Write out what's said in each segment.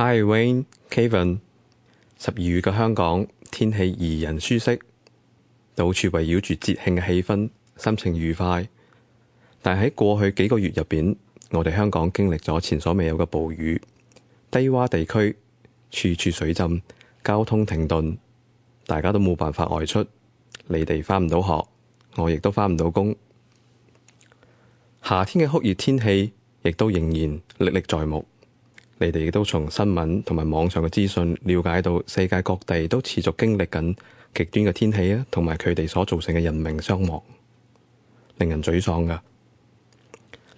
Hi，Wayne，Kevin。十二月嘅香港天氣宜人舒適，到處圍繞住節慶嘅氣氛，心情愉快。但係喺過去幾個月入邊，我哋香港經歷咗前所未有嘅暴雨，低洼地區處處水浸，交通停頓，大家都冇辦法外出。你哋返唔到學，我亦都返唔到工。夏天嘅酷熱天氣亦都仍然歷歷在目。你哋亦都從新聞同埋網上嘅資訊了解到，世界各地都持續經歷緊極端嘅天氣啊，同埋佢哋所造成嘅人命傷亡，令人沮喪噶。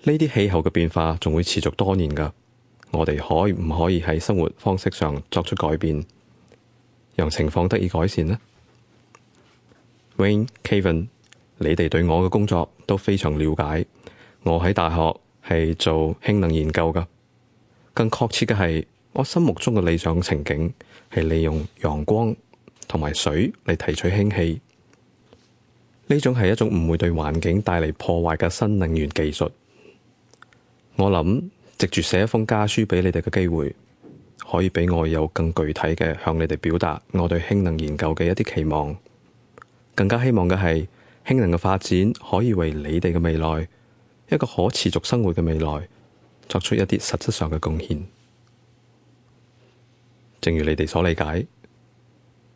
呢啲氣候嘅變化仲會持續多年噶。我哋可唔可以喺生活方式上作出改變，讓情況得以改善呢？Wayne，Kevin，你哋對我嘅工作都非常了解。我喺大學係做氫能研究噶。更確切嘅係，我心目中嘅理想情景係利用陽光同埋水嚟提取氫氣，呢種係一種唔會對環境帶嚟破壞嘅新能源技術。我諗，藉住寫一封家書俾你哋嘅機會，可以俾我有更具體嘅向你哋表達我對氫能研究嘅一啲期望。更加希望嘅係，氫能嘅發展可以為你哋嘅未來，一個可持續生活嘅未來。作出一啲實質上嘅貢獻，正如你哋所理解，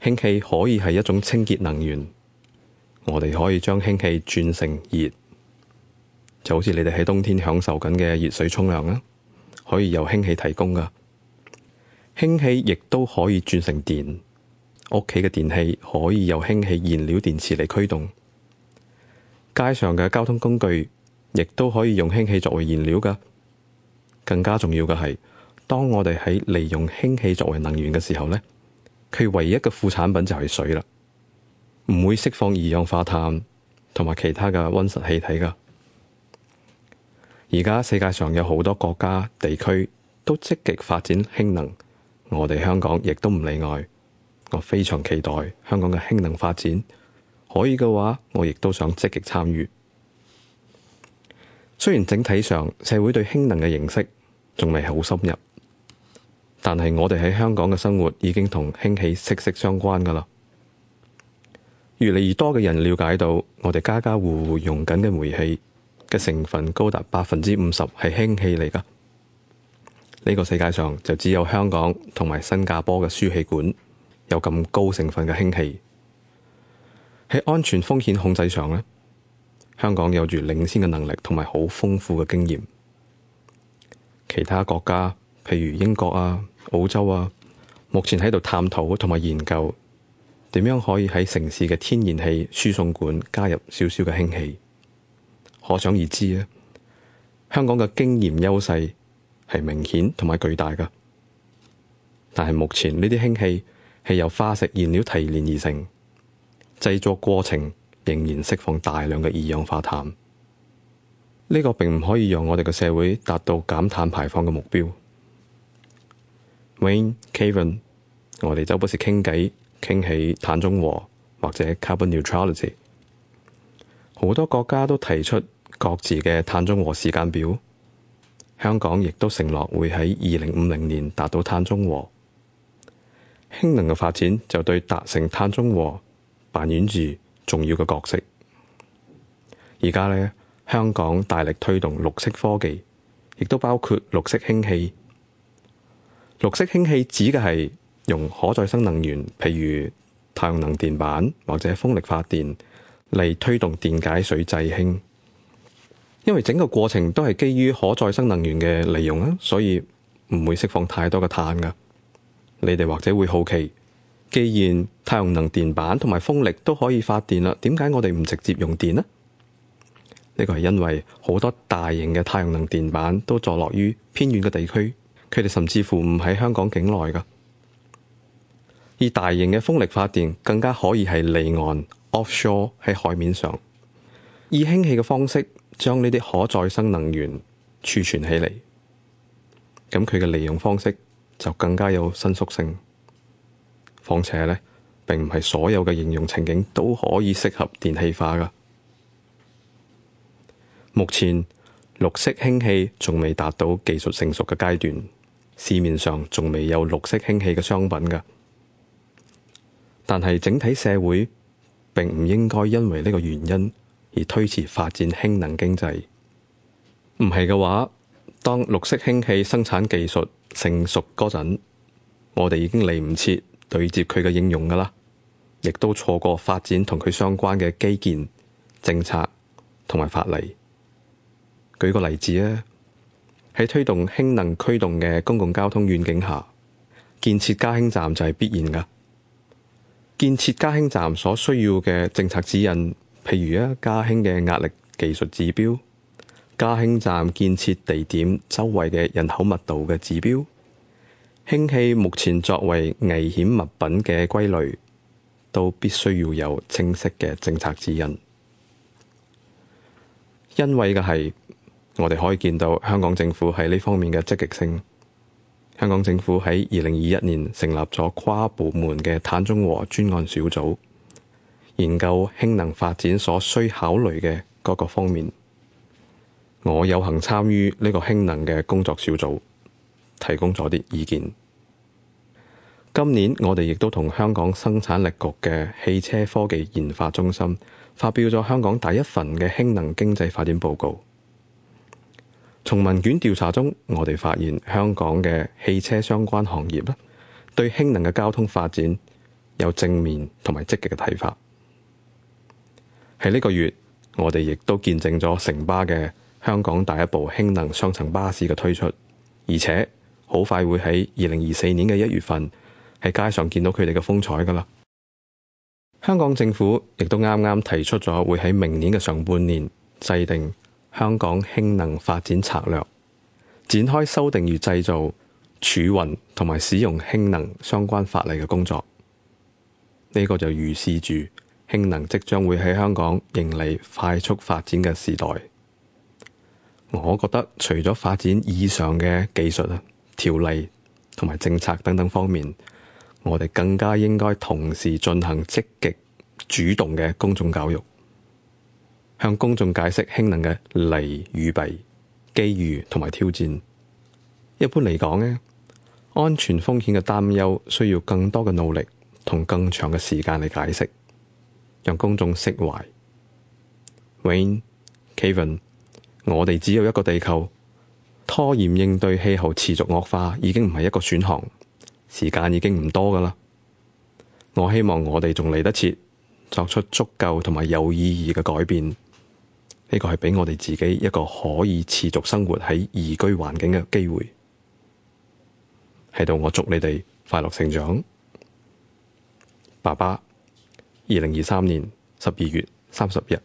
氫氣可以係一種清潔能源。我哋可以將氫氣轉成熱，就好似你哋喺冬天享受緊嘅熱水沖涼啊，可以由氫氣提供㗎。氫氣亦都可以轉成電，屋企嘅電器可以由氫氣燃料電池嚟驅動，街上嘅交通工具亦都可以用氫氣作為燃料㗎。更加重要嘅係，當我哋喺利用氫氣作為能源嘅時候咧，佢唯一嘅副產品就係水啦，唔會釋放二氧化碳同埋其他嘅温室氣體噶。而家世界上有好多國家地區都積極發展氫能，我哋香港亦都唔例外。我非常期待香港嘅氫能發展，可以嘅話，我亦都想積極參與。雖然整體上社會對氫能嘅認識，仲未好深入，但係我哋喺香港嘅生活已經同氫氣息息相關噶啦。越嚟越多嘅人了解到，我哋家家戶戶用緊嘅煤氣嘅成分高達百分之五十係氫氣嚟噶。呢個世界上就只有香港同埋新加坡嘅輸氣管有咁高成分嘅氫氣。喺安全風險控制上呢，香港有住領先嘅能力同埋好豐富嘅經驗。其他國家，譬如英國啊、澳洲啊，目前喺度探討同埋研究點樣可以喺城市嘅天然氣輸送管加入少少嘅氫氣。可想而知啊，香港嘅經驗優勢係明顯同埋巨大嘅。但係目前呢啲氫氣係由化石燃料提煉而成，製作過程仍然釋放大量嘅二氧化碳。呢個並唔可以讓我哋嘅社會達到減碳排放嘅目標。Wayne Kevin，我哋周不時傾偈傾起碳中和或者 carbon neutrality，好多國家都提出各自嘅碳中和時間表。香港亦都承諾會喺二零五零年達到碳中和。氫能嘅發展就對達成碳中和扮演住重要嘅角色。而家呢。香港大力推動綠色科技，亦都包括綠色氫氣。綠色氫氣指嘅係用可再生能源，譬如太陽能電板或者風力發電嚟推動電解水製氫。因為整個過程都係基於可再生能源嘅利用啊，所以唔會釋放太多嘅碳㗎。你哋或者會好奇，既然太陽能電板同埋風力都可以發電啦，點解我哋唔直接用電呢？呢個係因為好多大型嘅太陽能電板都坐落於偏遠嘅地區，佢哋甚至乎唔喺香港境內噶。而大型嘅風力發電更加可以係離岸 （offshore） 喺海面上，以氫氣嘅方式將呢啲可再生能源儲存起嚟，咁佢嘅利用方式就更加有伸縮性。況且呢，並唔係所有嘅應用情景都可以適合電氣化噶。目前綠色氫氣仲未達到技術成熟嘅階段，市面上仲未有綠色氫氣嘅商品㗎。但係整體社會並唔應該因為呢個原因而推遲發展氫能經濟。唔係嘅話，當綠色氫氣生產技術成熟嗰陣，我哋已經嚟唔切對接佢嘅應用㗎啦，亦都錯過發展同佢相關嘅基建政策同埋法例。舉個例子啊，喺推動氫能驅動嘅公共交通願景下，建設加氫站就係必然噶。建設加氫站所需要嘅政策指引，譬如啊，加氫嘅壓力技術指標、加氫站建設地點周圍嘅人口密度嘅指標、氫氣目前作為危險物品嘅歸類，都必須要有清晰嘅政策指引。因為嘅係。我哋可以見到香港政府喺呢方面嘅積極性。香港政府喺二零二一年成立咗跨部門嘅碳中和專案小組，研究氫能發展所需考慮嘅各個方面。我有幸參與呢個氫能嘅工作小組，提供咗啲意見。今年我哋亦都同香港生產力局嘅汽車科技研發中心發表咗香港第一份嘅氫能經濟發展報告。從問卷調查中，我哋發現香港嘅汽車相關行業咧，對氫能嘅交通發展有正面同埋積極嘅睇法。喺呢個月，我哋亦都見證咗城巴嘅香港第一部氫能雙層巴士嘅推出，而且好快會喺二零二四年嘅一月份喺街上見到佢哋嘅風采㗎啦。香港政府亦都啱啱提出咗會喺明年嘅上半年制定香港氫能發展策略，展開修訂與製造、儲運同埋使用氫能相關法例嘅工作。呢、這個就預示住氫能即將會喺香港迎嚟快速發展嘅時代。我覺得除咗發展以上嘅技術啊、條例同埋政策等等方面，我哋更加應該同時進行積極主動嘅公眾教育。向公眾解釋氫能嘅利與弊，機遇同埋挑戰。一般嚟講咧，安全風險嘅擔憂需要更多嘅努力同更長嘅時間嚟解釋，讓公眾釋懷。Wayne，Kevin，我哋只有一個地球，拖延應對氣候持續惡化已經唔係一個選項，時間已經唔多㗎喇。我希望我哋仲嚟得切，作出足夠同埋有意義嘅改變。呢個係畀我哋自己一個可以持續生活喺宜居環境嘅機會，喺度我祝你哋快樂成長，爸爸，二零二三年十二月三十日。